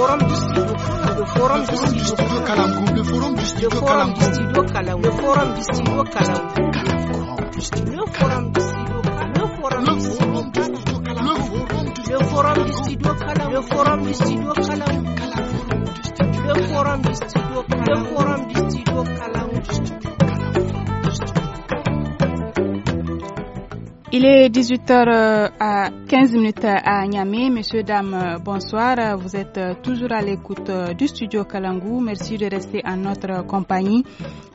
forum du forum, le forum du studio Kalamkou le forum du studio Kalamkou le forum du studio Kalamkou le forum du le forum du le forum du le forum du le forum du le forum Il est 18h euh, à 15 minutes à Niamey. Messieurs, dames, euh, bonsoir. Vous êtes euh, toujours à l'écoute du studio Kalangou. Merci de rester en notre compagnie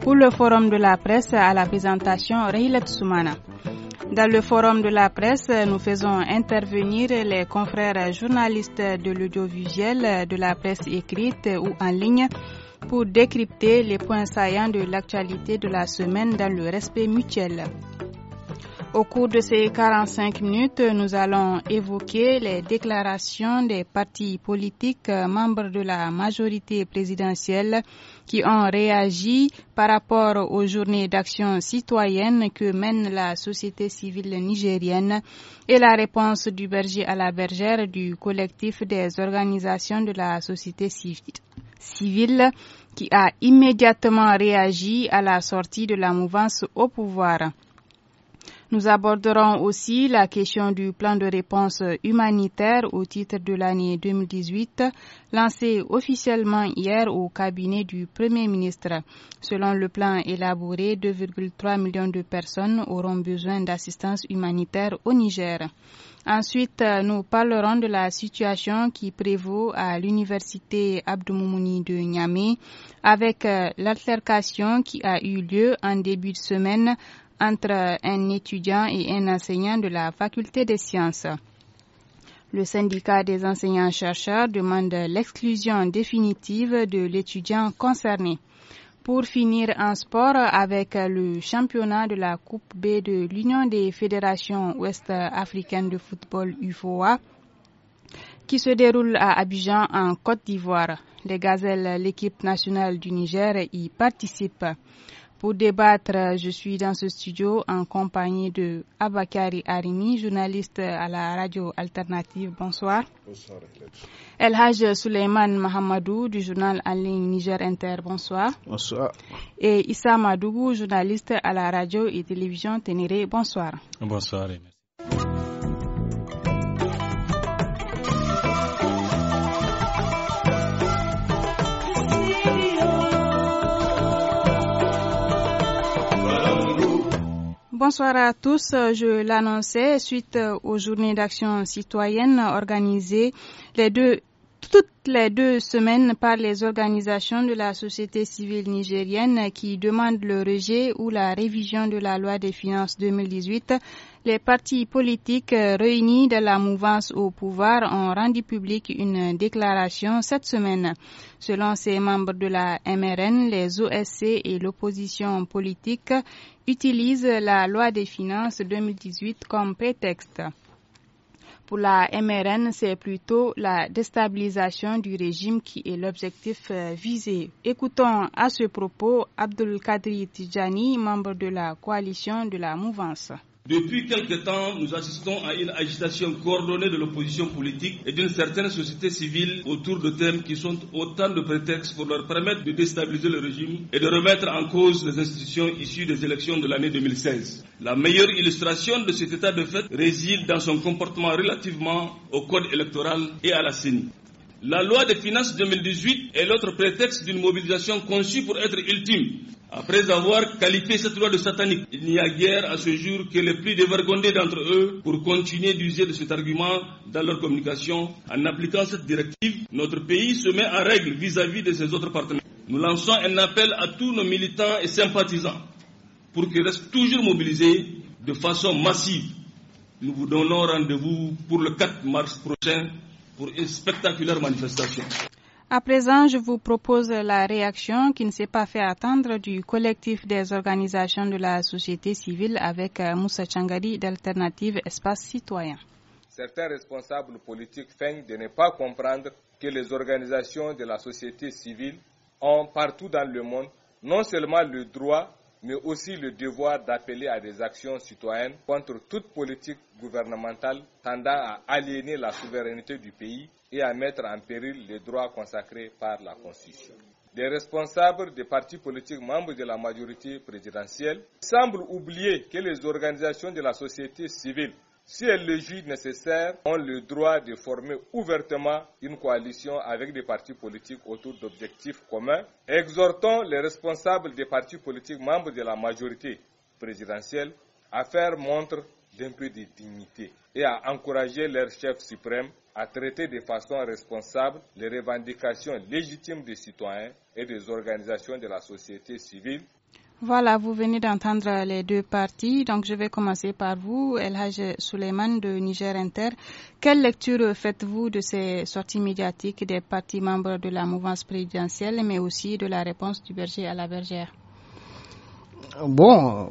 pour le forum de la presse à la présentation Raylet Soumana. Dans le forum de la presse, nous faisons intervenir les confrères journalistes de l'audiovisuel, de la presse écrite ou en ligne pour décrypter les points saillants de l'actualité de la semaine dans le respect mutuel. Au cours de ces 45 minutes, nous allons évoquer les déclarations des partis politiques euh, membres de la majorité présidentielle qui ont réagi par rapport aux journées d'action citoyenne que mène la société civile nigérienne et la réponse du berger à la bergère du collectif des organisations de la société civile qui a immédiatement réagi à la sortie de la mouvance au pouvoir. Nous aborderons aussi la question du plan de réponse humanitaire au titre de l'année 2018 lancé officiellement hier au cabinet du Premier ministre. Selon le plan élaboré, 2,3 millions de personnes auront besoin d'assistance humanitaire au Niger. Ensuite, nous parlerons de la situation qui prévaut à l'université Abdoumoumouni de Niamey avec euh, l'altercation qui a eu lieu en début de semaine entre un étudiant et un enseignant de la faculté des sciences. Le syndicat des enseignants-chercheurs demande l'exclusion définitive de l'étudiant concerné. Pour finir en sport avec le championnat de la Coupe B de l'Union des fédérations ouest-africaines de football UFOA qui se déroule à Abidjan en Côte d'Ivoire. Les gazelles, l'équipe nationale du Niger y participent. Pour débattre, je suis dans ce studio en compagnie de Abakari Arimi, journaliste à la radio alternative. Bonsoir. Bonsoir. El Haj Suleiman Mahamadou du journal en ligne Niger Inter. Bonsoir. Bonsoir. Et Issa Madougou, journaliste à la radio et télévision Ténéré. Bonsoir. Bonsoir. Bonsoir à tous. Euh, je l'annonçais suite euh, aux journées d'action citoyenne organisées les deux, toutes les deux semaines par les organisations de la société civile nigérienne qui demandent le rejet ou la révision de la loi des finances 2018 les partis politiques euh, réunis de la mouvance au pouvoir ont rendu publique une déclaration cette semaine. Selon ces membres de la MRN, les OSC et l'opposition politique utilisent la loi des finances 2018 comme prétexte. Pour la MRN, c'est plutôt la déstabilisation du régime qui est l'objectif euh, visé. Écoutons à ce propos Abdul Kadri Tijani, membre de la coalition de la mouvance. Depuis quelque temps, nous assistons à une agitation coordonnée de l'opposition politique et d'une certaine société civile autour de thèmes qui sont autant de prétextes pour leur permettre de déstabiliser le régime et de remettre en cause les institutions issues des élections de l'année 2016. La meilleure illustration de cet état de fait réside dans son comportement relativement au code électoral et à la CENI. La loi des finances 2018 est l'autre prétexte d'une mobilisation conçue pour être ultime. Après avoir qualifié cette loi de satanique, il n'y a guère à ce jour que les plus dévergondés d'entre eux pour continuer d'user de cet argument dans leur communication. En appliquant cette directive, notre pays se met en règle vis-à-vis -vis de ses autres partenaires. Nous lançons un appel à tous nos militants et sympathisants pour qu'ils restent toujours mobilisés de façon massive. Nous vous donnons rendez-vous pour le 4 mars prochain pour une spectaculaire manifestation. À présent, je vous propose la réaction qui ne s'est pas fait attendre du collectif des organisations de la société civile avec euh, Moussa Changari d'Alternative Espace Citoyen. Certains responsables politiques feignent de ne pas comprendre que les organisations de la société civile ont partout dans le monde non seulement le droit mais aussi le devoir d'appeler à des actions citoyennes contre toute politique gouvernementale tendant à aliéner la souveraineté du pays et à mettre en péril les droits consacrés par la Constitution des responsables des partis politiques membres de la majorité présidentielle semblent oublier que les organisations de la société civile si elles le jugent nécessaire, ont le droit de former ouvertement une coalition avec des partis politiques autour d'objectifs communs. Exhortons les responsables des partis politiques membres de la majorité présidentielle à faire montre d'un peu de dignité et à encourager leur chef suprême à traiter de façon responsable les revendications légitimes des citoyens et des organisations de la société civile voilà, vous venez d'entendre les deux parties. Donc, je vais commencer par vous, Elhaj Suleiman de Niger Inter. Quelle lecture faites-vous de ces sorties médiatiques des partis membres de la mouvance présidentielle, mais aussi de la réponse du berger à la bergère Bon,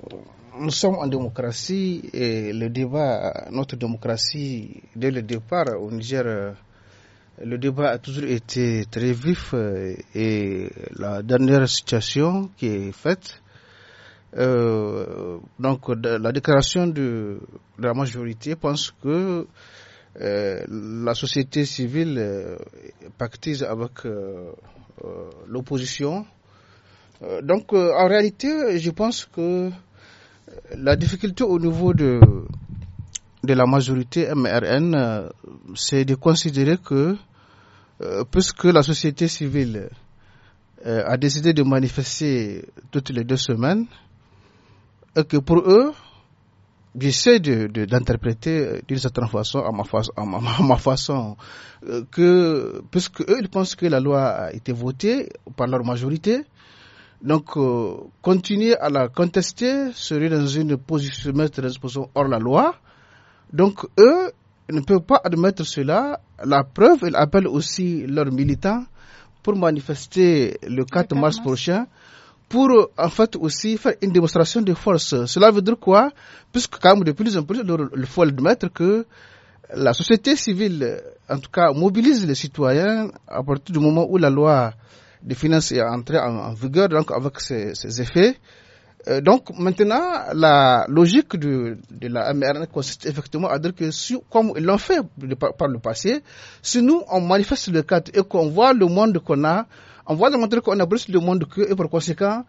nous sommes en démocratie et le débat, notre démocratie, dès le départ au Niger, le débat a toujours été très vif euh, et la dernière situation qui est faite, euh, donc la déclaration de, la majorité pense que euh, la société civile euh, pactise avec l'opposition. donc en réalité, je pense que la difficulté au niveau de, de la majorité MRN, c'est de considérer que puisque la société civile a décidé de manifester toutes les deux semaines, et que pour eux, j'essaie d'interpréter de, d'interpréter d'une certaine façon, à ma façon, à ma, façon euh, que, puisque eux, ils pensent que la loi a été votée par leur majorité, donc euh, continuer à la contester serait dans une position, mettre dans une position hors la loi. Donc eux ne peuvent pas admettre cela. La preuve, ils appellent aussi leurs militants pour manifester le 4 mars prochain pour en fait aussi faire une démonstration de force. Cela veut dire quoi Puisque quand même de plus en plus, il faut admettre que la société civile, en tout cas, mobilise les citoyens à partir du moment où la loi des finances est entrée en, vigueur, donc avec ses, effets. Euh, donc maintenant, la logique de, la MRN consiste effectivement à dire que comme ils l'ont fait par, par le passé, si nous on manifeste le cadre et qu'on voit le monde qu'on a, on va démontrer qu'on a brisé le monde que et par conséquent,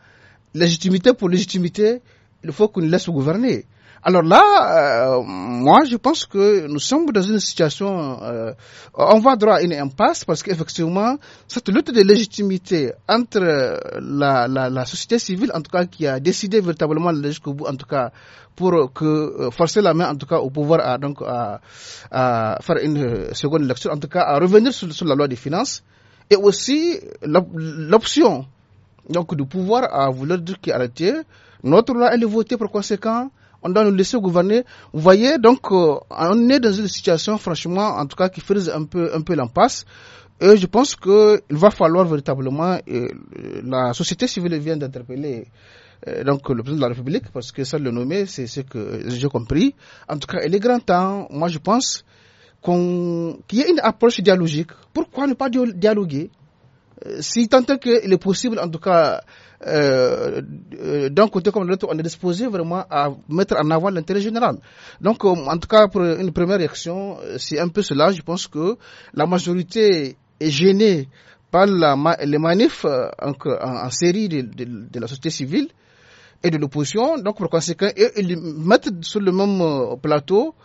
légitimité pour légitimité, il faut qu'on laisse gouverner. Alors là, euh, moi, je pense que nous sommes dans une situation, euh, on va droit à une impasse parce qu'effectivement, cette lutte de légitimité entre euh, la, la, la, société civile, en tout cas, qui a décidé véritablement jusqu'au bout, en tout cas, pour que forcer la main, en tout cas, au pouvoir à donc à, faire une seconde lecture, en tout cas, à revenir sur la loi des finances et aussi l'option donc du pouvoir à vouloir dire qu'il arrêté. Notre loi, elle est votée par conséquent. On doit nous laisser gouverner. Vous voyez, donc, euh, on est dans une situation, franchement, en tout cas, qui frise un peu, un peu l'impasse. Et je pense qu'il va falloir véritablement, euh, la société civile vient d'interpeller euh, donc le président de la République, parce que ça le nommer, c'est ce que j'ai compris. En tout cas, il est grand temps, moi je pense, qu'il y ait une approche dialogique. Pourquoi ne pas dialoguer euh, Si tant est qu'il est possible, en tout cas, euh, d'un côté comme de l'autre, on est disposé vraiment à mettre en avant l'intérêt général. Donc, euh, en tout cas, pour une première réaction, c'est un peu cela. Je pense que la majorité est gênée par la, les manifs en, série de, la société civile et de l'opposition. Donc, pour conséquent, ils, ils mettent sur le même plateau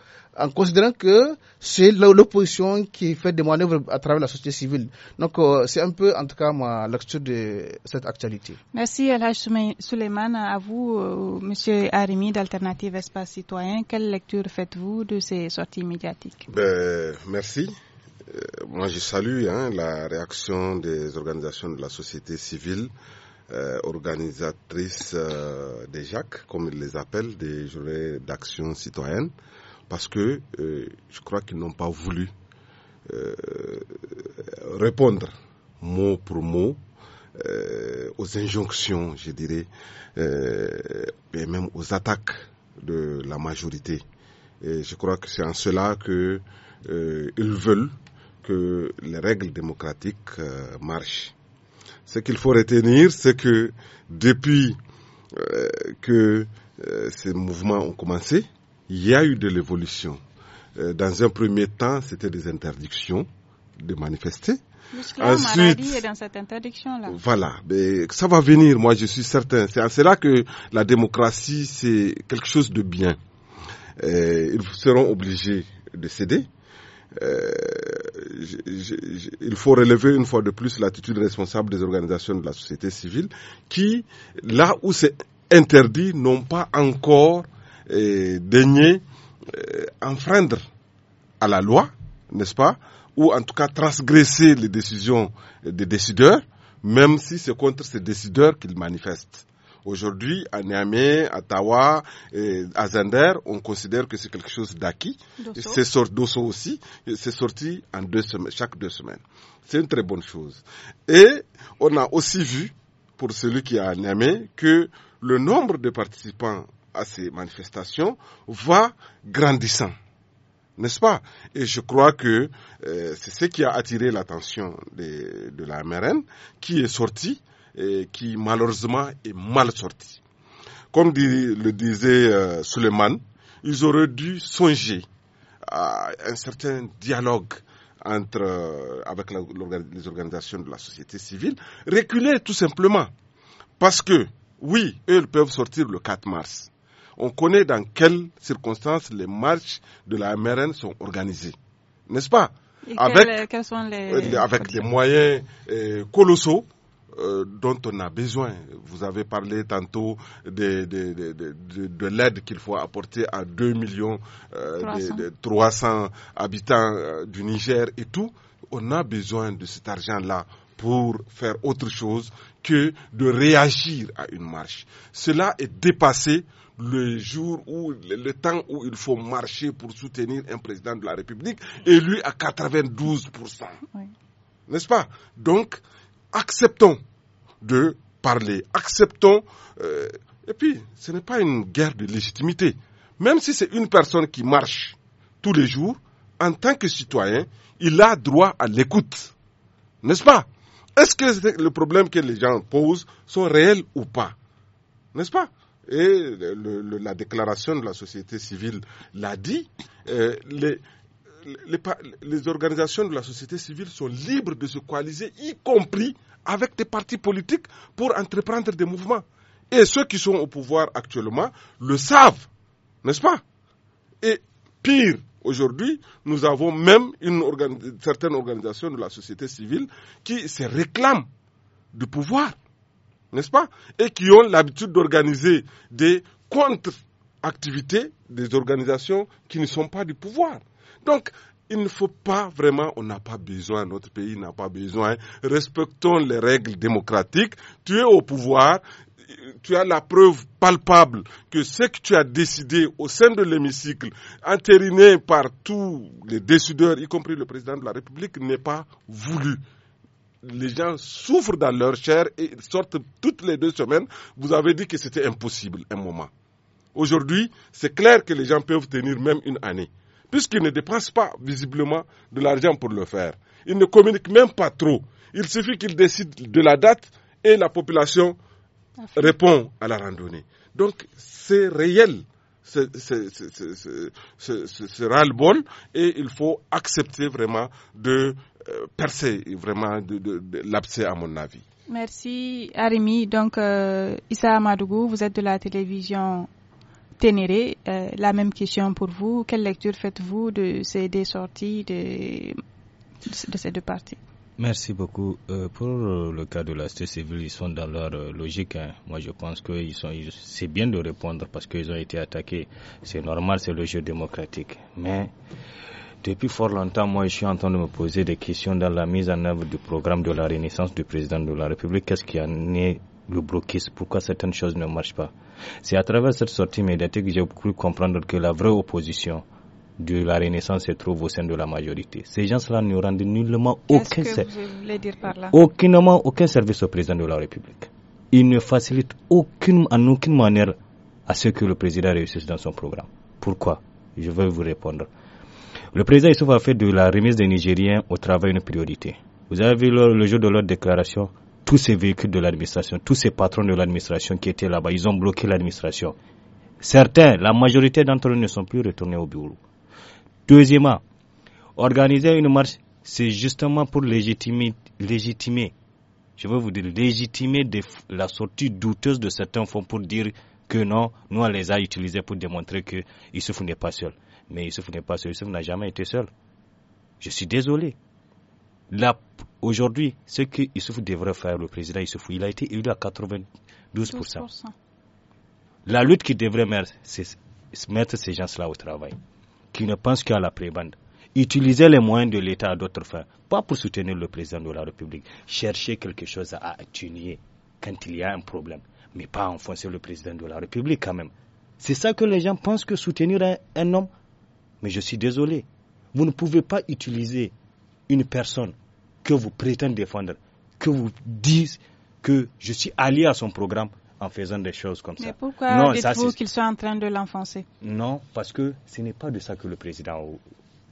en considérant que c'est l'opposition qui fait des manœuvres à travers la société civile. Donc, euh, c'est un peu, en tout cas, ma lecture de cette actualité. Merci, Alhaj Suleiman. À vous, M. Euh, Monsieur Arimi d'Alternative Espace Citoyen, quelle lecture faites-vous de ces sorties médiatiques ben, Merci. Euh, moi, je salue hein, la réaction des organisations de la société civile organisatrices des JAC, comme ils les appellent, des journées d'action citoyenne parce que euh, je crois qu'ils n'ont pas voulu euh, répondre mot pour mot euh, aux injonctions, je dirais, et même aux attaques de la majorité. Et je crois que c'est en cela que ils veulent que les règles démocratiques marchent. Ce qu'il faut retenir, c'est que depuis que ces mouvements ont commencé, il y a eu de l'évolution. Euh, dans un premier temps, c'était des interdictions de manifester. Ensuite, est dans cette interdiction-là. Voilà, mais ça va venir, moi je suis certain. C'est là que la démocratie, c'est quelque chose de bien. Euh, ils seront obligés de céder. Euh, je, je, il faut relever une fois de plus l'attitude responsable des organisations de la société civile qui, là où c'est interdit, n'ont pas encore euh, enfreindre à la loi, n'est-ce pas, ou en tout cas transgresser les décisions des décideurs, même si c'est contre ces décideurs qu'ils manifestent. Aujourd'hui, à Niamey, à Tawa, à Zender, on considère que c'est quelque chose d'acquis. C'est sorti, Dosso aussi, c'est sorti en deux semaines, chaque deux semaines. C'est une très bonne chose. Et on a aussi vu, pour celui qui est à Niamey, que le nombre de participants à ces manifestations va grandissant. N'est-ce pas Et je crois que euh, c'est ce qui a attiré l'attention de, la MRN, qui est sortie, et qui malheureusement est mal sortie. Comme le disait euh, Suleiman, ils auraient dû songer à un certain dialogue entre euh, avec les organisations de la société civile, reculer tout simplement. Parce que, oui, eux peuvent sortir le 4 mars on connaît dans quelles circonstances les marches de la MRN sont organisées. N'est-ce pas euh, euh, Avec, les... des moyens euh, colossaux dont on a besoin. Vous avez parlé tantôt de, l'aide qu'il faut apporter à 2 millions 300. De, 300 habitants du Niger et tout. On a besoin de cet argent-là pour faire autre chose que de réagir à une marche. Cela est dépassé le jour où, le temps où il faut marcher pour soutenir un président de la République, élu à 92%. N'est-ce pas Donc, acceptons de parler, acceptons. Euh, et puis, ce n'est pas une guerre de légitimité. Même si c'est une personne qui marche tous les jours, en tant que citoyen, il a droit à l'écoute. N'est-ce pas Est-ce que le problème que les gens posent sont réels ou pas N'est-ce pas et la déclaration de la société civile l'a dit, euh, les, organisations de la société civile sont libres de se coaliser, y compris avec des partis politiques, pour entreprendre des mouvements. Et ceux qui sont au pouvoir actuellement le savent, n'est-ce pas Et pire, aujourd'hui, nous avons même une certaines organisations de la société civile qui se réclament du pouvoir n'est-ce pas Et qui ont l'habitude d'organiser des contre-activités des organisations qui ne sont pas du pouvoir. Donc, il ne faut pas vraiment, on n'a pas besoin, notre pays n'a pas besoin. Respectons les règles démocratiques. Tu es au pouvoir, tu as la preuve palpable que ce que tu as décidé au sein de l'hémicycle, entériné par tous les décideurs, y compris le président de la République, n'est pas voulu les gens souffrent dans leur chair et sortent toutes les deux semaines. Vous avez dit que c'était impossible un moment. Aujourd'hui, c'est clair que les gens peuvent tenir même une année, puisqu'ils ne dépensent pas visiblement de l'argent pour le faire. Ils ne communiquent même pas trop. Il suffit qu'ils décident de la date et la population répond à la randonnée. Donc, c'est réel ce sera le bol et il faut accepter vraiment de euh, percer vraiment de, l'abcès à mon avis. Merci Arimi. Donc euh, Issa Amadougou, vous êtes de la télévision Ténéré. Euh, la même question pour vous. Quelle lecture faites-vous de ces deux sorties de, de ces deux parties Merci beaucoup. pour le cas de la société civile, ils sont dans leur logique. Hein. Moi, je pense que sont, c'est bien de répondre parce qu'ils ont été attaqués. C'est normal, c'est le jeu démocratique. Mais depuis fort longtemps, moi, je suis en train de me poser des questions dans la mise en œuvre du programme de la renaissance du président de la République. Qu'est-ce qui a né le blocus, pourquoi certaines choses ne marchent pas. C'est à travers cette sortie médiatique que j'ai cru comprendre que la vraie opposition de la Renaissance se trouve au sein de la majorité. Ces gens-là ne rendent nullement aucun, que vous dire Aucunement, aucun service au président de la République. Ils ne facilitent aucune, en aucune manière à ce que le président réussisse dans son programme. Pourquoi Je vais vous répondre. Le président Issouf a fait de la remise des Nigériens au travail une priorité. Vous avez vu le, jour de leur déclaration, tous ces véhicules de l'administration, tous ces patrons de l'administration qui étaient là-bas, ils ont bloqué l'administration. Certains, la majorité d'entre eux ne sont plus retournés au bureau. Deuxièmement, organiser une marche, c'est justement pour légitimer, je veux vous dire, légitimer la sortie douteuse de certains fonds pour dire que non, nous on les a utilisés pour démontrer que Issouf n'est pas seul. Mais Youssouf n'est pas seul. n'a jamais été seul. Je suis désolé. aujourd'hui, ce que Youssouf devrait faire, le président Youssouf, il a été élu à 92%. La lutte qui devrait mettre, c'est mettre ces gens-là au travail, qui ne pensent qu'à la prébande. Utiliser les moyens de l'État à d'autres fins, pas pour soutenir le président de la République. Chercher quelque chose à atténuer quand il y a un problème, mais pas enfoncer le président de la République quand même. C'est ça que les gens pensent que soutenir un homme, mais je suis désolé. Vous ne pouvez pas utiliser une personne que vous prétendez défendre, que vous dites que je suis allié à son programme en faisant des choses comme ça. Mais pourquoi dites-vous qu'il soit en train de l'enfoncer Non, parce que ce n'est pas de ça que le président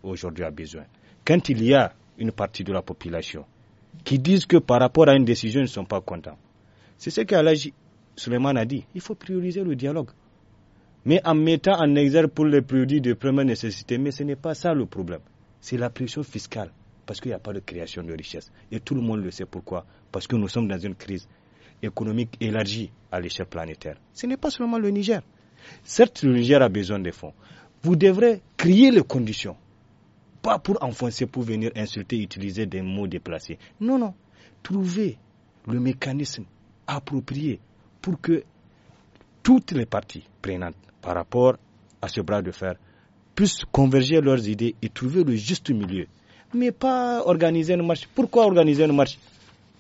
aujourd'hui a besoin. Quand il y a une partie de la population qui disent que par rapport à une décision, ils ne sont pas contents, c'est ce qu'Alaji Suleiman a dit. Il faut prioriser le dialogue mais en mettant en exergue pour les produits de première nécessité. Mais ce n'est pas ça le problème. C'est la pression fiscale, parce qu'il n'y a pas de création de richesse. Et tout le monde le sait pourquoi. Parce que nous sommes dans une crise économique élargie à l'échelle planétaire. Ce n'est pas seulement le Niger. Certes, le Niger a besoin des fonds. Vous devrez créer les conditions. Pas pour enfoncer, pour venir insulter, utiliser des mots déplacés. Non, non. Trouver le mécanisme approprié pour que toutes les parties prenantes par rapport à ce bras de fer puissent converger leurs idées et trouver le juste milieu. Mais pas organiser une marche. Pourquoi organiser une marche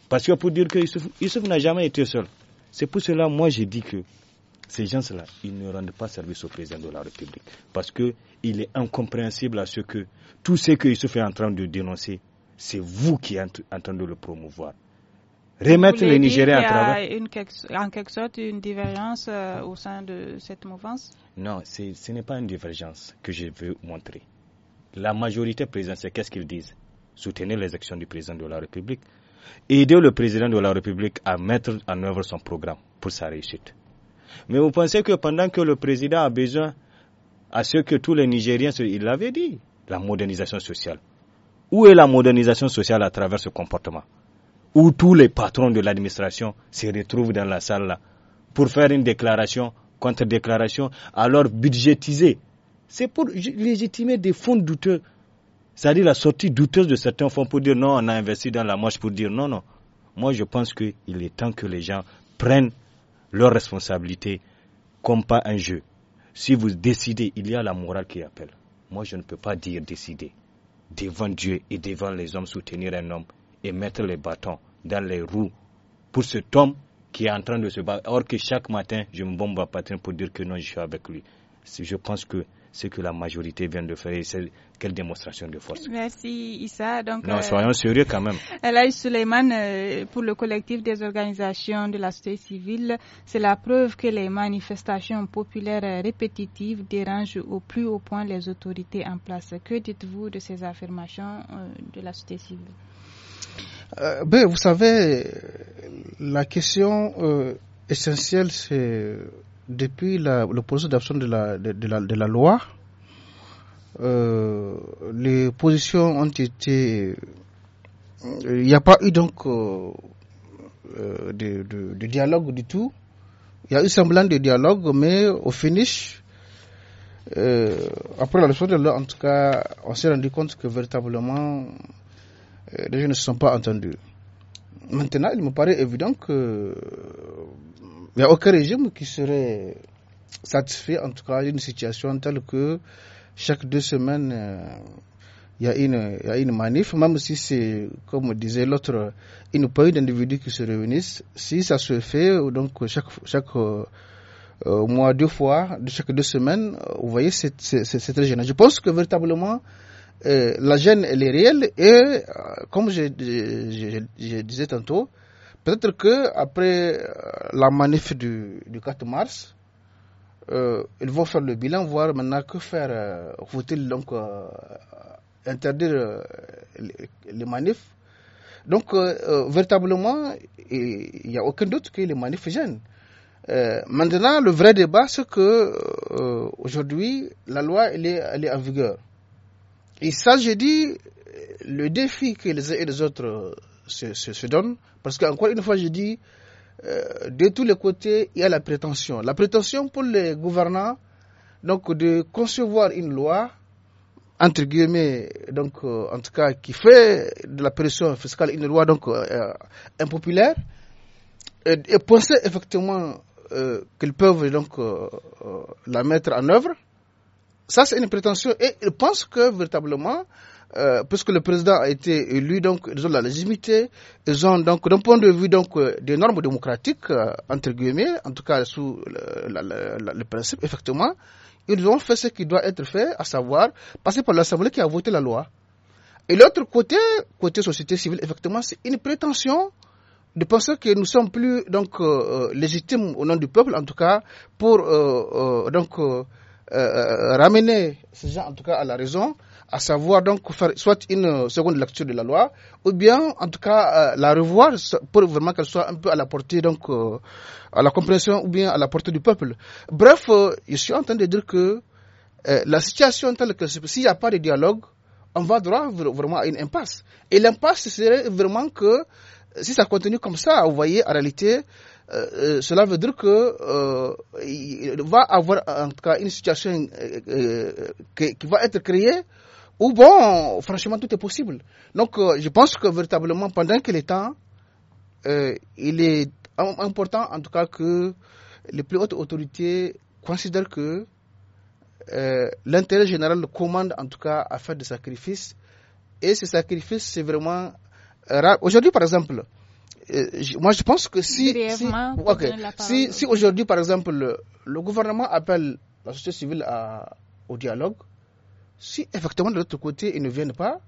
Parce que pour dire que n'a jamais été seul. C'est pour cela, moi, j'ai dit que ces gens-là, ils ne rendent pas service au président de la République. Parce qu'il est incompréhensible à ce que tout ce que Youssouf est en train de dénoncer, c'est vous qui êtes en train de le promouvoir remettre les Nigériens à travers. y a en quelque sorte une divergence euh, au sein de cette mouvance Non, ce n'est pas une divergence que je veux montrer. La majorité c'est qu'est-ce qu'ils disent Soutenir les actions du président de la République, aider le président de la République à mettre en œuvre son programme pour sa réussite. Mais vous pensez que pendant que le président a besoin à ce que tous les Nigériens, il l'avait dit, la modernisation sociale. Où est la modernisation sociale à travers ce comportement où tous les patrons de l'administration se retrouvent dans la salle là pour faire une déclaration, contre-déclaration, alors budgétiser. C'est pour légitimer des fonds douteux. C'est-à-dire la sortie douteuse de certains fonds pour dire non, on a investi dans la moche pour dire non, non. Moi, je pense qu'il est temps que les gens prennent leurs responsabilités comme pas un jeu. Si vous décidez, il y a la morale qui appelle. Moi, je ne peux pas dire décider. Devant Dieu et devant les hommes, soutenir un homme et mettre les bâtons dans les roues pour cet homme qui est en train de se battre. Or que chaque matin, je me bombe à patron pour dire que non, je suis avec lui. Je pense que ce que la majorité vient de faire, c'est quelle démonstration de force. Merci Issa. Donc, non, euh, soyons sérieux quand même. Elaïs Suleiman, euh, pour le collectif des organisations de la société civile, c'est la preuve que les manifestations populaires répétitives dérangent au plus haut point les autorités en place. Que dites-vous de ces affirmations euh, de la société civile euh, ben, vous savez, la question euh, essentielle, c'est depuis la, le processus d'absence de la, de, la, loi, euh, les positions ont été. Il n'y a pas eu donc de, de, de, dialogue du tout. Il y a eu semblant de dialogue, mais au finish, après la leçon de loi, en tout cas, on s'est rendu compte que véritablement, euh, les gens ne se sont pas entendus. Maintenant, il me paraît évident qu'il euh, n'y a aucun régime qui serait satisfait, en tout cas, d'une situation telle que chaque deux semaines, euh, il y a une, manif, même si c'est, comme disait l'autre, une poignée d'individus qui se réunissent. Si ça se fait, donc chaque, chaque mois, deux fois, chaque deux semaines, vous voyez, c'est très gênant. Je pense que véritablement, euh, la gêne, elle est réelle. Et euh, comme je, disais tantôt, peut-être que après euh, la manif du, 4 mars, ils vont faire le bilan, voir maintenant que faire. Faut-il donc interdire les, manifs Donc, véritablement, il n'y a aucun doute que les manifs gênent. maintenant, le vrai débat, c'est que aujourd'hui, la loi est, elle est en vigueur. Et ça, j'ai dit, le défi que les uns et les autres se, se, se donnent, parce qu'encore une fois, je dis, euh, de tous les côtés, il y a la prétention. La prétention pour les gouvernants, donc de concevoir une loi, entre guillemets, donc euh, en tout cas, qui fait de la pression fiscale une loi donc euh, impopulaire, et, penser effectivement qu'ils peuvent donc la mettre en œuvre, ça, c'est une prétention. Et ils pensent que, véritablement, euh, puisque le président a été élu, donc ils ont la légitimité, ils ont donc d'un point de vue donc euh, des normes démocratiques euh, entre guillemets, en tout cas sous le, le, principe effectivement, ils ont fait ce qui doit être fait, à savoir passer par l'Assemblée qui a voté la loi. Et l'autre côté, côté société civile, effectivement, c'est une prétention de penser que nous sommes plus donc euh, légitimes au nom du peuple, en tout cas pour donc euh, euh, ramener ces gens, en tout cas, à la raison, à savoir donc faire soit une seconde lecture de la loi, ou bien en tout cas euh, la revoir pour vraiment qu'elle soit un peu à la portée donc à la compréhension ou bien à la portée du peuple. Bref, je suis en train de dire que la situation telle que s'il n'y a pas de dialogue, on va droit vraiment à une impasse. Et l'impasse serait vraiment que si ça continue comme ça, vous voyez, en réalité, euh, euh, cela veut dire que euh, il va avoir en tout cas une situation euh, qui, qui, va être créée où bon, franchement, tout est possible. Donc, je pense que véritablement, pendant que temps, il est important en tout cas que les plus hautes autorités considèrent que l'intérêt général commande en tout cas à faire des sacrifices. Et ces sacrifices, c'est vraiment Aujourd'hui, par exemple, euh, moi je pense que si, si, si, aujourd'hui par exemple le, le, gouvernement appelle la société civile à, au dialogue, si effectivement de l'autre côté ils ne viennent pas,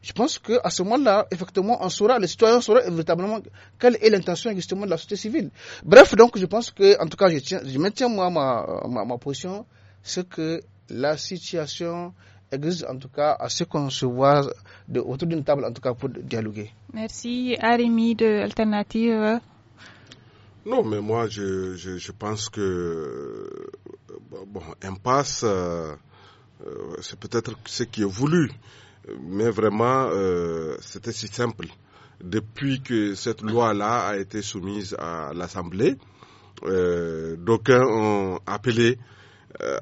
je pense qu'à ce moment-là, effectivement, on saura, les citoyens sauront véritablement quelle est l'intention justement de la société civile. Bref, donc je pense que, en tout cas, je, tiens, je maintiens moi ma, ma, ma position, c'est que la situation exige en tout cas à se concevoir autour d'une table en tout cas pour dialoguer. Merci. Arimi de Alternative. Non, mais moi je, pense que bon, impasse, euh, euh, c'est peut-être ce qui est voulu, mais vraiment euh, c'était si simple. Depuis que cette loi-là a été soumise à l'Assemblée, d'aucuns ont appelé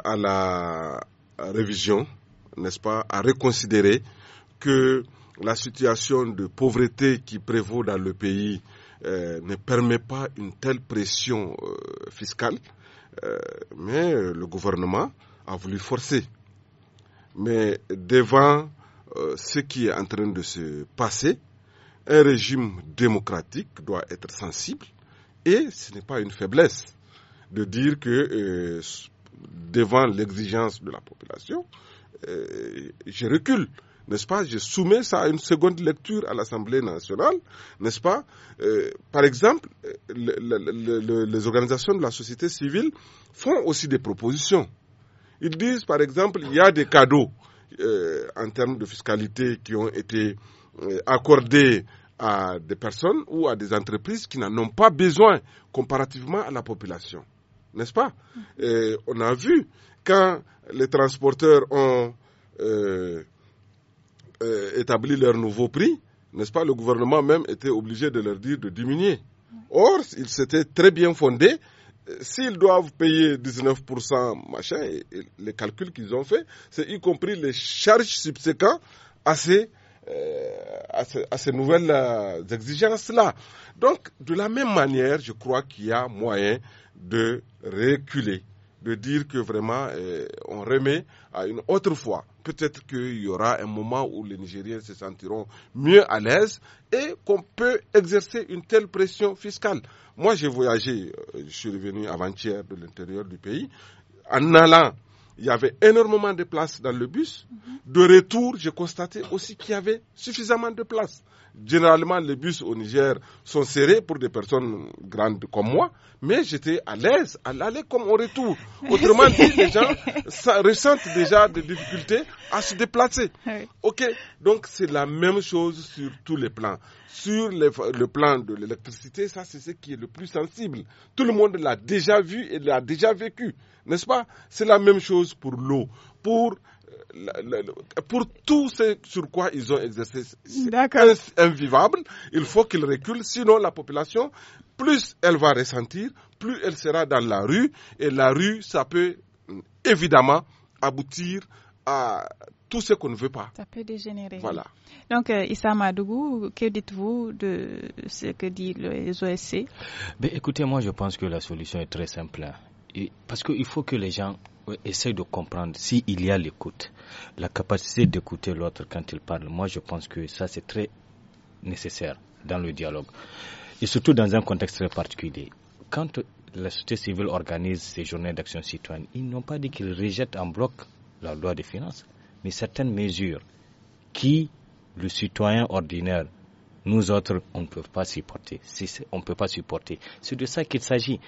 à la révision n'est-ce pas, à reconsidérer que la situation de pauvreté qui prévaut dans le pays euh, ne permet pas une telle pression euh, fiscale, euh, mais le gouvernement a voulu forcer. Mais devant ce qui est en train de se passer, un régime démocratique doit être sensible et ce n'est pas une faiblesse de dire que devant l'exigence de la population, euh, je recule n'est-ce pas Je soumets ça à une seconde lecture à l'Assemblée nationale, n'est-ce pas euh, Par exemple, les organisations de la société civile font aussi des propositions. Ils disent, par exemple, il y a des cadeaux euh, en termes de fiscalité qui ont été accordés à des personnes ou à des entreprises qui n'en ont pas besoin comparativement à la population n'est-ce pas On a vu quand les transporteurs ont euh, euh, établi leur nouveau prix, n'est-ce pas, le gouvernement même était obligé de leur dire de diminuer. Or, ils s'étaient très bien fondés. Euh, s'ils doivent payer 19%, machin, les calculs qu'ils ont faits, c'est y compris les charges subséquentes à ces, à ces nouvelles exigences-là. Donc, de la même manière, je crois qu'il y a moyen de reculer de dire que vraiment eh, on remet à une autre fois. Peut-être qu'il y aura un moment où les Nigériens se sentiront mieux à l'aise et qu'on peut exercer une telle pression fiscale. Moi, j'ai voyagé, euh, je suis revenu avant-hier de l'intérieur du pays. En allant, il y avait énormément de places dans le bus. Mm-hmm. De retour, j'ai constaté aussi qu'il y avait suffisamment de places. Généralement, les bus au Niger sont serrés pour des personnes grandes comme moi, mais j'étais à l'aise à l'aller comme au retour. Autrement dit, les gens ça, ressentent déjà des difficultés à se déplacer. Ok, donc c'est la même chose sur tous les plans. Sur le plan de l'électricité, ça c'est ce qui est le plus sensible. Tout le monde l'a déjà vu et l'a déjà vécu, n'est-ce pas C'est la même chose pour l'eau, pour pour tout ce sur quoi ils ont exercé, c'est invivable. Il faut qu'ils reculent, sinon la population, plus elle va ressentir, plus elle sera dans la rue, et la rue, ça peut mm, évidemment aboutir à tout ce qu'on ne veut pas. Ça peut dégénérer. Voilà. Donc, euh, Issa Madougou, que dites-vous de ce que dit les OSC Écoutez, moi, je pense que la solution est très simple. Hein. parce qu'il faut que les gens essaye de comprendre s'il y a l'écoute, la capacité d'écouter l'autre quand il parle. Moi, je pense que ça, c'est très nécessaire dans le dialogue. Et surtout dans un contexte très particulier. Quand la société civile organise ces journées d'action citoyenne, ils n'ont pas dit qu'ils rejettent en bloc la loi des finances, mais certaines mesures qui, le citoyen ordinaire, nous autres, on ne peut pas supporter. On ne peut pas supporter. C'est de ça qu'il s'agit.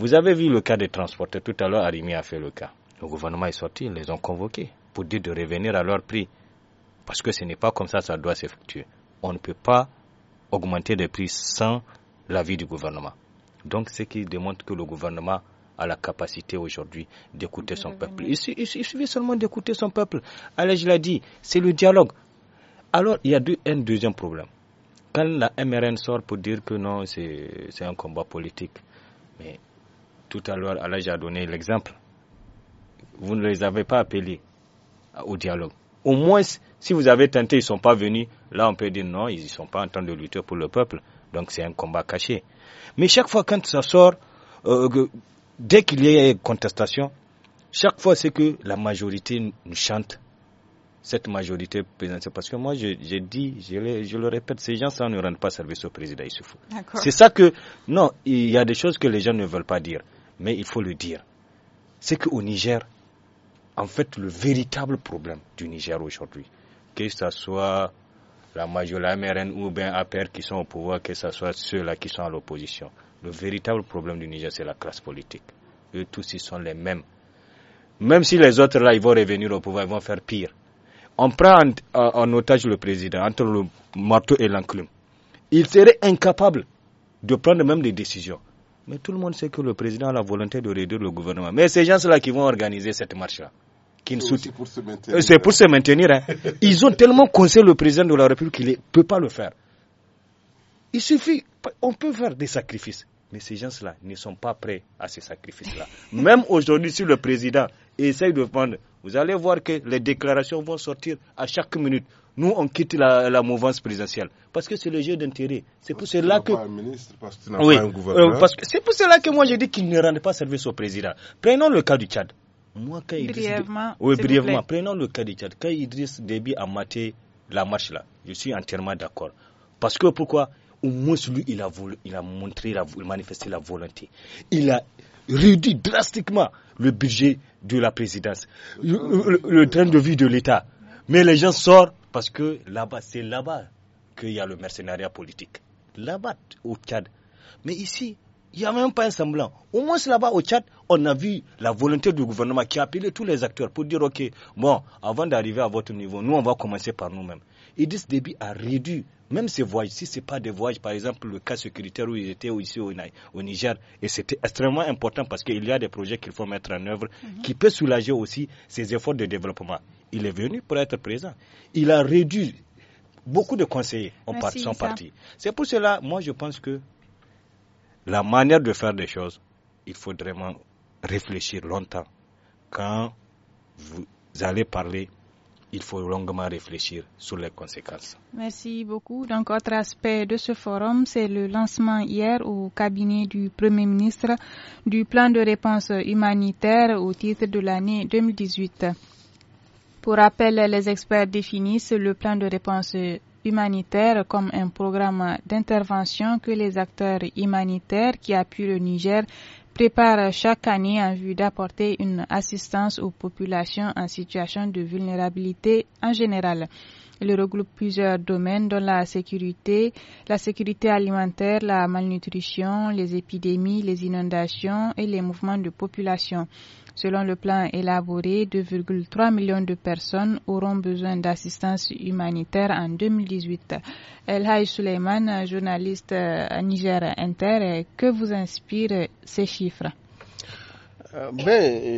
Vous avez vu le cas des transporteurs tout à l'heure, Arimi a fait le cas. Le gouvernement est sorti, ils les ont convoqués pour dire de revenir à leur prix. Parce que ce n'est pas comme ça, ça doit s'effectuer. On ne peut pas augmenter les prix sans l'avis du gouvernement. Donc, ce qui démontre que le gouvernement a la capacité aujourd'hui d'écouter son peuple. Il, suffit seulement d'écouter son peuple. Allez, je l'ai dit, c'est le dialogue. Alors, il y a un deuxième problème. Quand la MRN sort pour dire que non, c'est un combat politique, mais tout à l'heure, Allah a donné l'exemple. Vous ne les avez pas appelés au dialogue. Au moins, si vous avez tenté, ils ne sont pas venus. Là, on peut dire non, ils ne sont pas en train de lutter pour le peuple. Donc, c'est un combat caché. Mais chaque fois, quand ça sort, euh, dès qu'il y a une contestation, chaque fois, c'est que la majorité nous chante. Cette majorité présidentielle. Parce que moi, j'ai dit, je le, répète, ces gens, ça ne rendent pas service au président Issoufou. C'est ça que. Non, il y a des choses que les gens ne veulent pas dire mais il faut le dire, c'est qu'au Niger, en fait, le véritable problème du Niger aujourd'hui, que ce soit la majorité MRN ou bien APR qui sont au pouvoir, que ce soit ceux-là qui sont à l'opposition, le véritable problème du Niger, c'est la classe politique. Eux tous, ils sont les mêmes. Même si les autres, là, ils vont revenir au pouvoir, ils vont faire pire. On prend en, en otage le président entre le marteau et l'enclume. Il serait incapable de prendre même des décisions. Mais tout le monde sait que le président a la volonté de réduire le gouvernement. Mais ces gens-là qui vont organiser cette marche-là, qui pour se maintenir. C'est pour se maintenir. Euh, hein. Ils ont tellement conseillé le président de la République qu'il ne peut pas le faire. Il suffit, on peut faire des sacrifices. Mais ces gens-là ne sont pas prêts à ces sacrifices-là. Même aujourd'hui, si le président essaye de prendre, vous allez voir que les déclarations vont sortir à chaque minute nous, on quitte la, mouvance présidentielle. Parce que c'est le jeu d'intérêt. C'est pour cela que. oui, c'est pour cela que moi, j'ai dit qu'il ne rendait pas service au président. Prenons le cas du Tchad. Moi, brièvement. Oui, brièvement. Prenons le cas du Tchad. Quand Idriss Déby a maté la marche là, je suis entièrement d'accord. Parce que pourquoi Au moins, lui, il a, voulu, il a montré, la, il manifesté la volonté. Il a réduit drastiquement le budget de la présidence, le train de vie de l'État. Mais les gens sortent parce que là-bas, c'est là-bas qu'il y a le mercenariat politique. Là-bas, au Tchad. Mais ici, il n'y a même pas un semblant. Au moins là-bas au Tchad, on a vu la volonté du gouvernement qui a appelé tous les acteurs pour dire, OK, bon, avant d'arriver à votre niveau, nous, on va commencer par nous-mêmes. ce débit a réduit même ces voyages, si ce n'est pas des voyages, par exemple, le cas sécuritaire où ils étaient ici au, Niger, et c'était extrêmement important parce qu'il y a des projets qu'il faut mettre en œuvre mhm. qui peuvent soulager aussi ces efforts de développement. Il est venu pour être présent. Il a réduit. Beaucoup de conseillers en C'est pour cela, moi, je pense que la manière de faire des choses, il faut vraiment réfléchir longtemps. Quand vous allez parler il faut longuement réfléchir sur les conséquences. Merci beaucoup. Donc, autre aspect de ce forum, c'est le lancement hier au cabinet du Premier ministre du plan de réponse humanitaire au titre de l'année 2018. Pour rappel, les experts définissent le plan de réponse humanitaire comme un programme d'intervention que les acteurs humanitaires qui appuient le Niger prépare chaque année en vue d'apporter une assistance aux populations en situation de vulnérabilité en général. Il regroupe plusieurs domaines dont la sécurité, la sécurité alimentaire, la malnutrition, les épidémies, les inondations et les mouvements de population. Selon le plan élaboré, 2,3 millions de personnes auront besoin d'assistance humanitaire en 2018. El Haï Suleiman, journaliste à euh, Niger Inter, que vous inspirent ces chiffres euh, ben,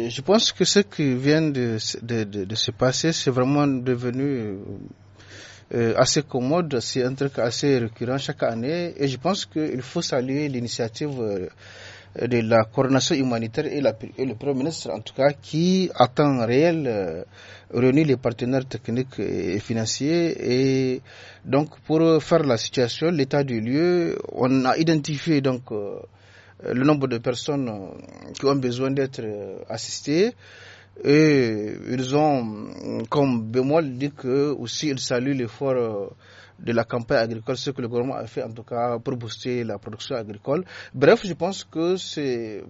euh, je pense que ce qui vient de, se passer, c'est vraiment devenu assez commode, c'est un truc assez récurrent chaque année, et je pense qu'il faut saluer l'initiative euh, de la coordination humanitaire et, le Premier ministre, en tout cas, qui, à temps réel, euh, réunit les partenaires techniques et, financiers. Et donc, pour faire la situation, l'état du lieu, on a identifié donc euh, le nombre de personnes qui ont besoin d'être assistées. Et ils ont, comme bémol, dit que aussi ils saluent l'effort de la campagne agricole, ce que le gouvernement a fait en tout cas pour booster la production agricole. Bref, je pense que c'est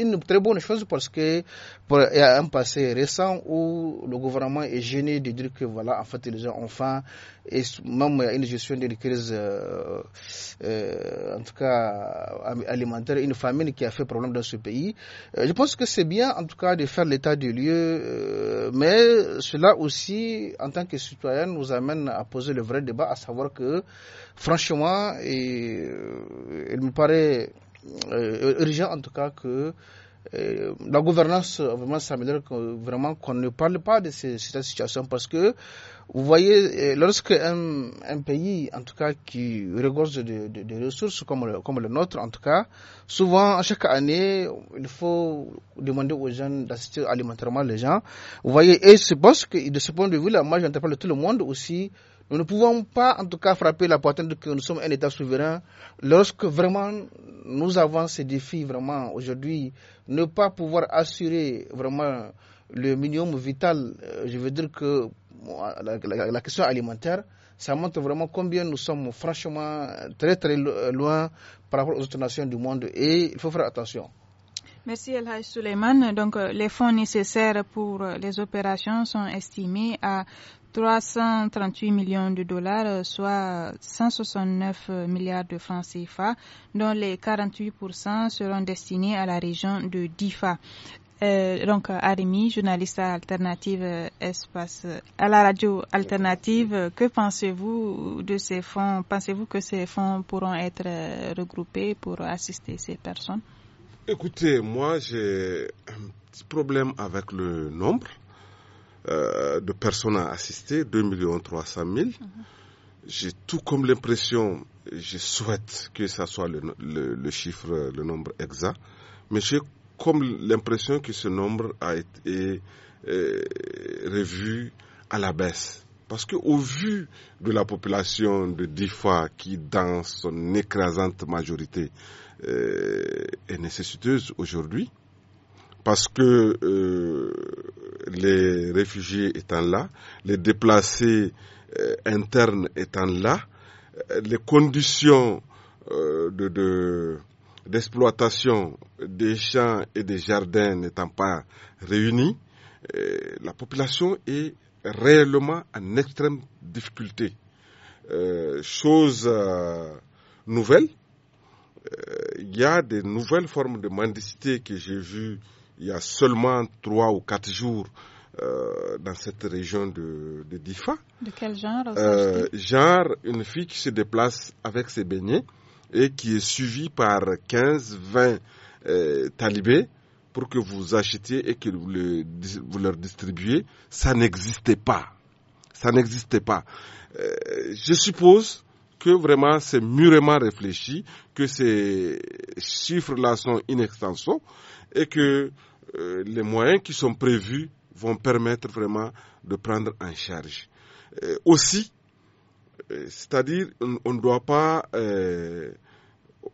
une très bonne chose parce que pour, il y a un passé récent où le gouvernement est gêné de dire que voilà, en fait, ils ont enfin et même une gestion d'une crise, euh, euh, en tout cas alimentaire, une famine qui a fait problème dans ce pays. Euh, je pense que c'est bien, en tout cas, de faire l'état du lieu, mais cela aussi, en tant que citoyen, nous amène à poser le vrai débat, à savoir que, franchement, et, il me paraît urgent, en tout cas, que euh, la gouvernance euh, vraiment s'améliore, vraiment qu'on ne parle pas de cette situation parce que vous voyez, euh, lorsque un, pays, en tout cas, qui regorge de, ressources comme le, comme le, nôtre, en tout cas, souvent, chaque année, il faut demander aux jeunes d'assister alimentairement les gens. Vous voyez, et je parce que de ce point de vue-là, moi, de tout le monde aussi nous ne pouvons pas, en tout cas, frapper la poitrine de que nous sommes un État souverain lorsque vraiment nous avons ces défis, vraiment, aujourd'hui, ne pas pouvoir assurer vraiment le minimum vital, euh, je veux dire que la, question alimentaire, ça montre vraiment combien nous sommes franchement très très euh, loin par rapport aux autres nations du monde et il faut faire attention. Merci El Haj Suleiman. Donc, euh, les fonds nécessaires pour les opérations sont estimés à 338 millions de dollars, soit 169 milliards de francs CFA, dont les 48% seront destinés à la région de DIFA. Euh, donc Arimi, journaliste Alternative euh, Espace, à la radio Alternative, que pensez-vous de ces fonds Pensez-vous que ces fonds pourront être euh, regroupés pour assister ces personnes Écoutez, moi j'ai un petit problème avec le nombre. Euh, de personnes à assister, 2 300 000. J'ai tout comme l'impression, je souhaite que ça soit le, chiffre, le nombre exact, mais j'ai comme l'impression que ce nombre a été euh, revu à la baisse. Parce qu'au vu de la population de DIFA qui, dans son écrasante majorité, euh, est nécessiteuse aujourd'hui, parce que euh, les réfugiés étant là, les déplacés euh, internes étant là, euh, les conditions de, d'exploitation des champs et des jardins n'étant pas réunies, la population est réellement en extrême difficulté. chose euh, nouvelle, il y a des nouvelles formes de mendicité que j'ai vues il y a seulement trois ou quatre jours euh, dans cette région de, Difa. De quel genre euh, Genre, une fille qui se déplace avec ses beignets et qui est suivie par 15, 20 euh, talibés pour que vous achetiez et que vous, le, vous leur distribuiez. Ça n'existait pas. Ça n'existait pas. je suppose que vraiment c'est mûrement réfléchi, que ces chiffres-là sont inextensos et que euh, les moyens qui sont prévus vont permettre vraiment de prendre en charge. Euh, aussi, euh, c'est-à-dire on ne doit pas,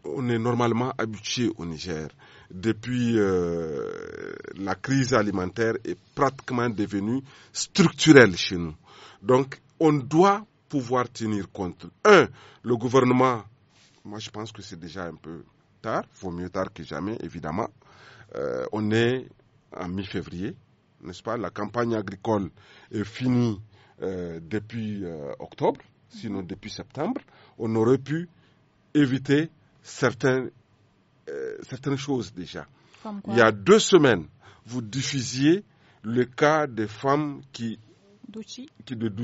on est normalement habitué au Niger. Depuis la crise alimentaire est pratiquement devenue structurelle chez nous. Donc on doit pouvoir tenir compte. Un, le gouvernement, moi je pense que c'est déjà un peu tard, vaut mieux tard que jamais évidemment. Euh, on est en mi-février, n'est-ce pas La campagne agricole est finie euh, depuis euh, octobre, sinon mhm. depuis septembre. On aurait pu éviter certaines choses déjà. Il y a deux semaines, vous diffusiez le cas des femmes qui, de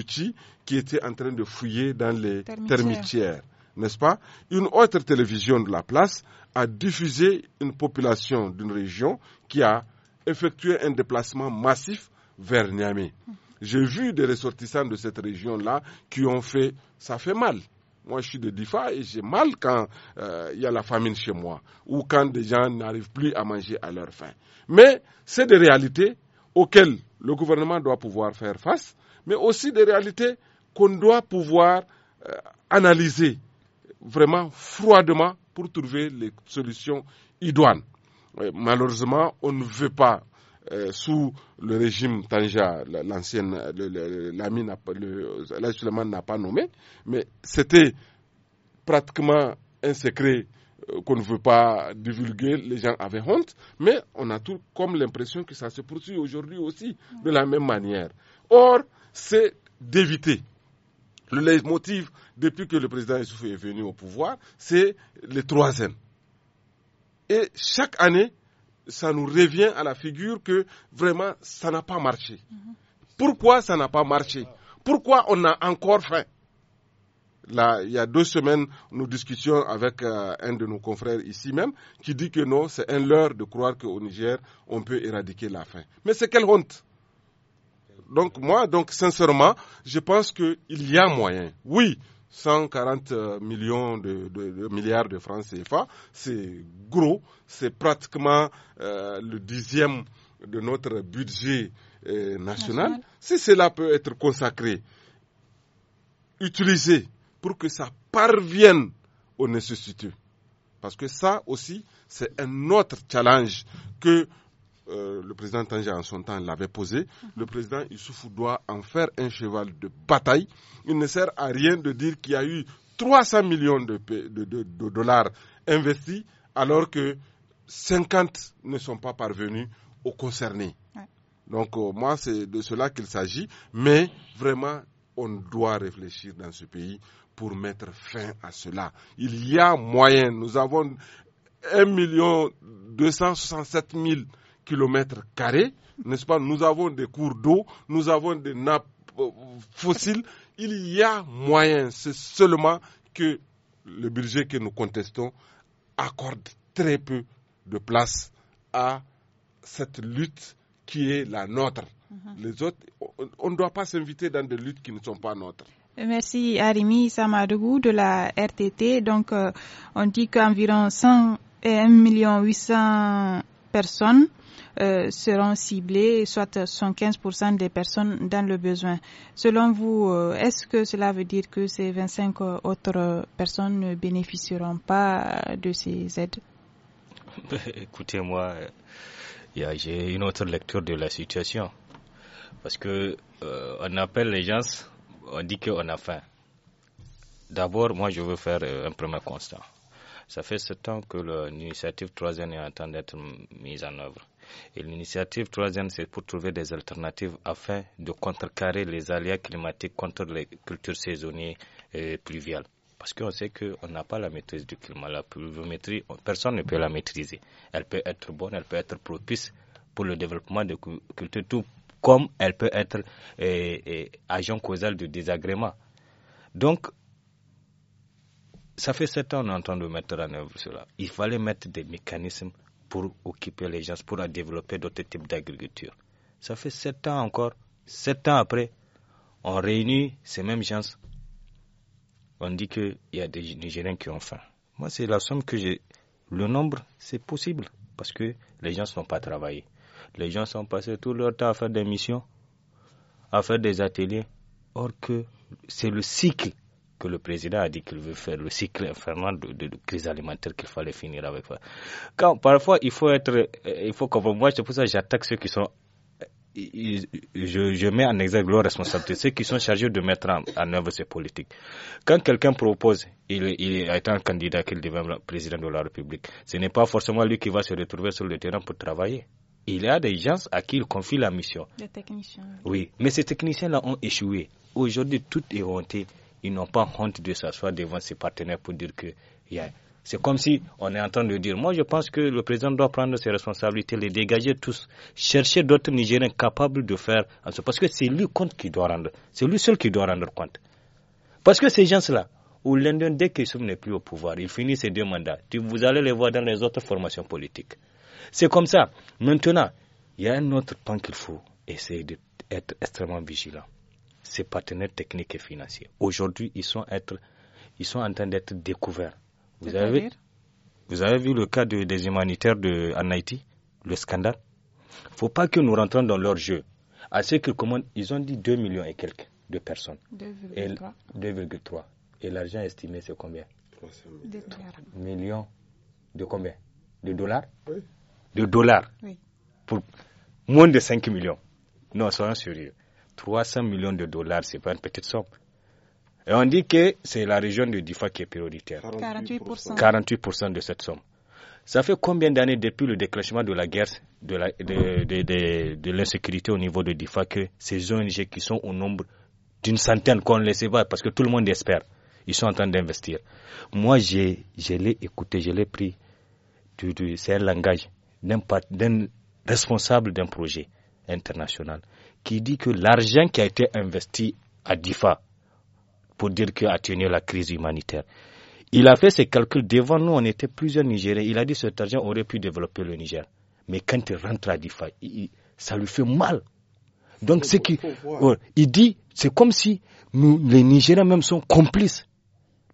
qui étaient en train de fouiller dans les termitières n'est-ce pas Une autre télévision de la place a diffusé une population d'une région qui a effectué un déplacement massif vers Niamey. J'ai vu des ressortissants de cette région-là qui ont fait, ça fait mal. Moi, je suis de Difa et j'ai mal quand euh, il y a la famine chez moi ou quand des gens n'arrivent plus à manger à leur faim. Mais c'est des réalités auxquelles le gouvernement doit pouvoir faire face, mais aussi des réalités qu'on doit pouvoir euh, analyser vraiment froidement pour trouver les solutions idoines. Euh, malheureusement, on ne veut pas, euh, sous le régime Tanja, l'ancienne, l'ami n'a pas nommé, mais c'était pratiquement un secret euh, qu'on ne veut pas divulguer, les gens avaient honte, mais on a tout comme l'impression que ça se poursuit aujourd'hui aussi de la même manière. Or, c'est d'éviter le leitmotiv, depuis que le président Issoufou est venu au pouvoir, c'est le troisième. Et chaque année, ça nous revient à la figure que vraiment, ça n'a pas marché. Mhm. Pourquoi ça n'a pas marché Pourquoi on a encore faim Là, il y a deux semaines, nous discutions avec euh, un de nos confrères ici même qui dit que non, c'est un leurre de croire qu'au Niger, on peut éradiquer la faim. Mais c'est quelle honte donc moi, donc sincèrement, je pense qu'il y a moyen. Oui, 140 euh, millions de, milliards de francs CFA, c'est gros, c'est pratiquement euh, le dixième de notre budget euh, national. Si cela peut être consacré, utilisé pour que ça parvienne aux nécessités, parce que ça aussi, c'est un autre challenge que euh, le président Tangier en son temps l'avait posé. Mhm. Le président Issoufou doit en faire un cheval de bataille. Il ne sert à rien de dire qu'il y a eu 300 millions de, dollars investis alors que 50 ne sont pas parvenus aux concernés. Donc euh, moi, c'est de cela qu'il s'agit. Mais vraiment, on doit réfléchir dans ce pays pour mettre fin à cela. Il y a moyen. Nous avons 1 267 kilomètres carrés, n'est-ce pas Nous avons des cours d'eau, nous avons des nappes euh, fossiles. Il y a moyen. C'est seulement que le budget que nous contestons accorde très peu de place à cette lutte qui est la nôtre. Mhm. Les autres, on ne doit pas s'inviter dans des luttes qui ne sont pas nôtres. Merci Arimi Samadougou de la RTT. Donc, euh, on dit qu'environ 100 et 1 800 personnes euh, seront ciblées, soit 75% des personnes dans le besoin. Selon vous, euh, est-ce que cela veut dire que ces 25 euh, autres personnes ne bénéficieront pas de ces aides Écoutez-moi, j'ai une autre lecture de la situation. Parce que on appelle les gens, on dit qu'on a faim. D'abord, moi, je veux faire un premier constat. Ça fait sept ans que l'initiative troisième est en train d'être mise en œuvre. Et l'initiative troisième, c'est pour trouver des alternatives afin de contrecarrer les aléas climatiques contre les cultures saisonnières et pluviales parce qu'on sait qu'on n'a pas la maîtrise du climat. La pluviométrie, personne ne peut la maîtriser. Elle peut être bonne, elle peut être propice pour le développement de cultures, tout comme elle peut être agent causal du désagrément. Donc, ça fait sept ans qu'on est en train de mettre en œuvre cela. Il fallait mettre des mécanismes pour occuper les gens, pour développer d'autres types d'agriculture. Ça fait sept ans encore, sept ans après, on réunit ces mêmes gens. On dit qu'il y a des Nigériens qui ont faim. Moi, c'est la somme que j'ai. Le nombre, c'est possible parce que les gens sont pas travaillés. Les gens sont passés tout leur temps à faire des missions, à faire des ateliers, or que c'est le cycle que le président a dit qu'il veut faire le cycle infernal de, crise alimentaire qu'il fallait finir avec. Quand parfois il faut être, euh, il faut Moi, c'est pour ça que j'attaque ceux qui sont euh, je, mets en exergue leurs responsabilités, ceux qui sont chargés de mettre en, œuvre ces politiques. Quand quelqu'un propose, il, a est un candidat qu'il devient président de la République, ce n'est pas forcément lui qui va se retrouver sur le terrain pour travailler. Il y a des gens à qui il confie la mission. Les techniciens. Oui, mais ces techniciens-là ont échoué. Aujourd'hui, tout est honté ils n'ont pas honte de s'asseoir devant ses partenaires pour dire que yeah. C'est comme si on est en train de dire, moi je pense que le président doit prendre ses responsabilités, les dégager tous, chercher d'autres Nigériens capables de faire, parce que c'est lui compte qui doit rendre, c'est lui seul qui doit rendre compte. Parce que ces gens-là, ou l'Indien, dès qu'ils sont plus au pouvoir, ils finissent ses deux mandats. Vous allez les voir dans les autres formations politiques. C'est comme ça. Maintenant, il y a un autre point qu'il faut essayer d'être extrêmement vigilant ses partenaires techniques et financiers. Aujourd'hui, ils sont, être, ils sont en train d'être découverts. Vous avez, vous avez vu le cas des humanitaires de, en Haïti, le scandale Il ne faut pas que nous rentrons dans leur jeu. À ce qu'ils commandent, ils ont dit 2 millions et quelques de personnes. 2,3. Et, et l'argent estimé, c'est combien 3 millions. De combien De dollars oui. De dollars oui. Pour moins de 5 millions. Non, soyons sérieux. 300 millions de dollars, c'est pas une petite somme. Et on dit que c'est la région de Difa qui est prioritaire. 48%. 48% de cette somme. Ça fait combien d'années depuis le déclenchement de la guerre, de l'insécurité au niveau de Difa que ces ONG qui sont au nombre d'une centaine qu'on ne les sait pas parce que tout le monde espère, ils sont en train d'investir. Moi, je, je l'ai écouté, je l'ai pris. C'est un langage d'un responsable d'un projet international qui dit que l'argent qui a été investi à DIFA pour dire qu'il a tenu la crise humanitaire, il a fait ses calculs devant nous, on était plusieurs Nigériens. Il a dit que cet argent aurait pu développer le Niger. Mais quand il rentre à DIFA, ça lui fait mal. Donc, ce qui, il dit, c'est comme si les Nigériens même sont complices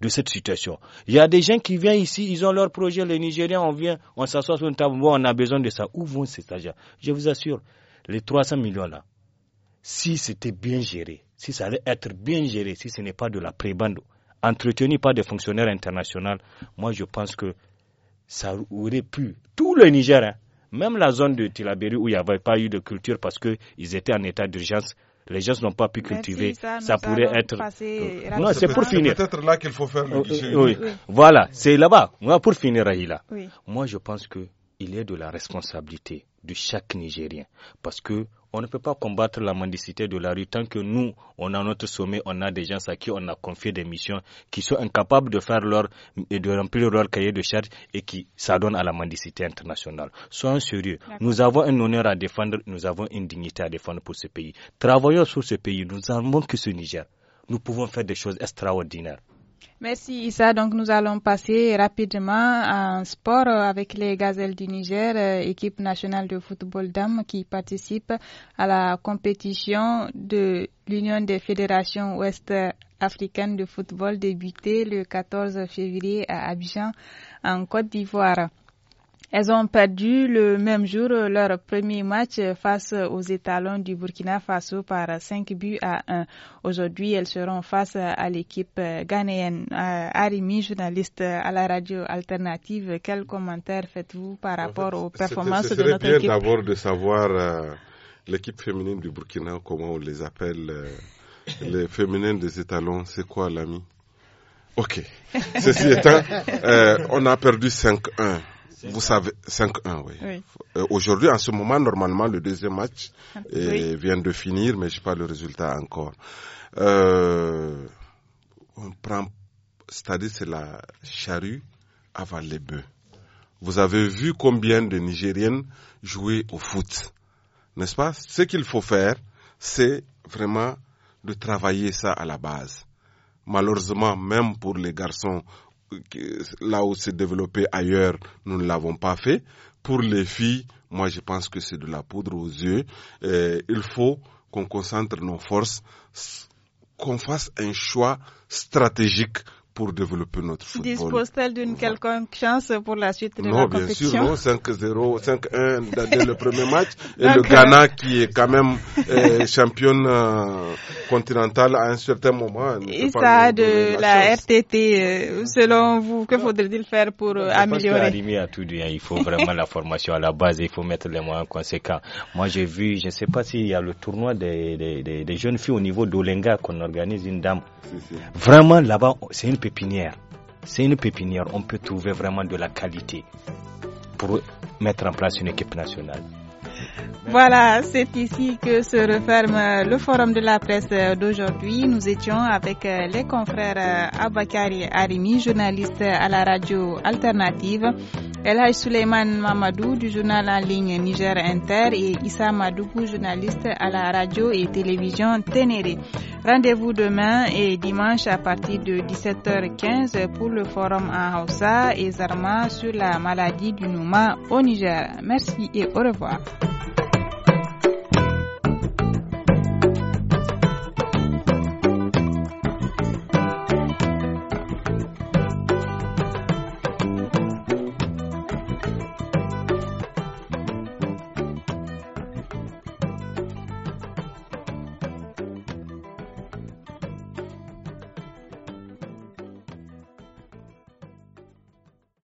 de cette situation. Il y a des gens qui viennent ici, ils ont leur projet, les Nigériens, on vient, on s'assoit sur une table, on a besoin de ça. Où vont ces agents Je vous assure, les 300 millions là, si c'était bien géré, si ça allait être bien géré, si ce n'est pas de la prébande entretenu par des fonctionnaires internationaux, moi je pense que ça aurait pu, tout le Niger, hein, même la zone de Tilaberi où il n'y avait pas eu de culture parce qu'ils étaient en état d'urgence, les gens n'ont pas pu cultiver. ça, pourrait être. Euh, non, c'est pour finir. C'est peut-être là qu'il faut faire le oh, euh, Oui, Voilà, c'est là-bas. pour finir, Rahila, moi, je pense que il y a de la responsabilité de chaque Nigérien. Parce que on ne peut pas combattre la mendicité de la rue tant que nous, on a notre sommet, on a des gens à qui on a confié des missions, qui sont incapables de faire leur et de remplir leur cahier de charge et qui s'adonnent à la mendicité internationale. Soyons sérieux. Nous avons un honneur à défendre, nous avons une dignité à défendre pour ce pays. Travaillons sur ce pays. Nous avons que ce Niger. Nous pouvons faire des choses extraordinaires. Merci Issa. Donc nous allons passer rapidement à un sport avec les Gazelles du Niger, euh, équipe nationale de football d'âme qui participe à la compétition de l'Union des fédérations ouest africaines de football débutée le 14 février à Abidjan en Côte d'Ivoire. Elles ont perdu le même jour leur premier match face aux étalons du Burkina Faso par 5 buts à 1. Aujourd'hui, elles seront face à l'équipe ghanéenne. Euh, Arimi, journaliste à la radio alternative, quel commentaire faites-vous par rapport aux performances de notre bien d'abord de savoir euh, l'équipe féminine du Burkina, comment on les appelle, euh, les féminines des étalons, c'est quoi l'ami Ok. Ceci étant, on a perdu 5-1. Vous savez, 5-1, oui. Euh, aujourd'hui, en ce moment, normalement, le deuxième match ah, euh, vient de finir, mais je n'ai pas le résultat encore. Euh, on prend, c'est-à-dire c'est la charrue avant les bœufs. Vous avez vu combien de Nigériennes jouaient au foot, n'est-ce pas Ce qu'il faut faire, c'est vraiment de travailler ça à la base. Malheureusement, même pour les garçons, là où c'est développé ailleurs, nous ne l'avons pas fait. Pour les filles, moi je pense que c'est de la poudre aux yeux. il faut qu'on concentre nos forces, qu'on fasse un choix stratégique pour développer notre football. Dispose-t-elle d'une quelconque chance pour la suite de la compétition Non, bien sûr, non. 5-0, 5-1 dans le premier match. Et le Ghana, qui est quand même champion euh, championne euh, continentale à un certain moment. Et ça, de la, RTT, euh, selon vous, que faudrait-il faire pour améliorer à tout hein, Il faut vraiment la formation à la base, il faut mettre les moyens conséquents. Moi, j'ai vu, je ne sais pas s'il y a le tournoi des, jeunes filles au niveau d'Olenga qu'on organise une dame Vraiment, là-bas, c'est une pépinière. C'est une pépinière. On peut trouver vraiment de la qualité pour mettre en place une équipe nationale. Voilà, c'est ici que se referme euh, le forum de la presse euh, d'aujourd'hui. Nous étions avec euh, les confrères Abakari Arimi, journaliste à la radio alternative, Elhaj Suleiman Mamadou du journal en ligne Niger Inter et Issa Madougou, journaliste à la radio et télévision Ténéré. Rendez-vous demain et dimanche à partir de 17h15 pour le forum en Hausa et Zarma sur la maladie du Nouma au Niger. Merci et au revoir. Thank you.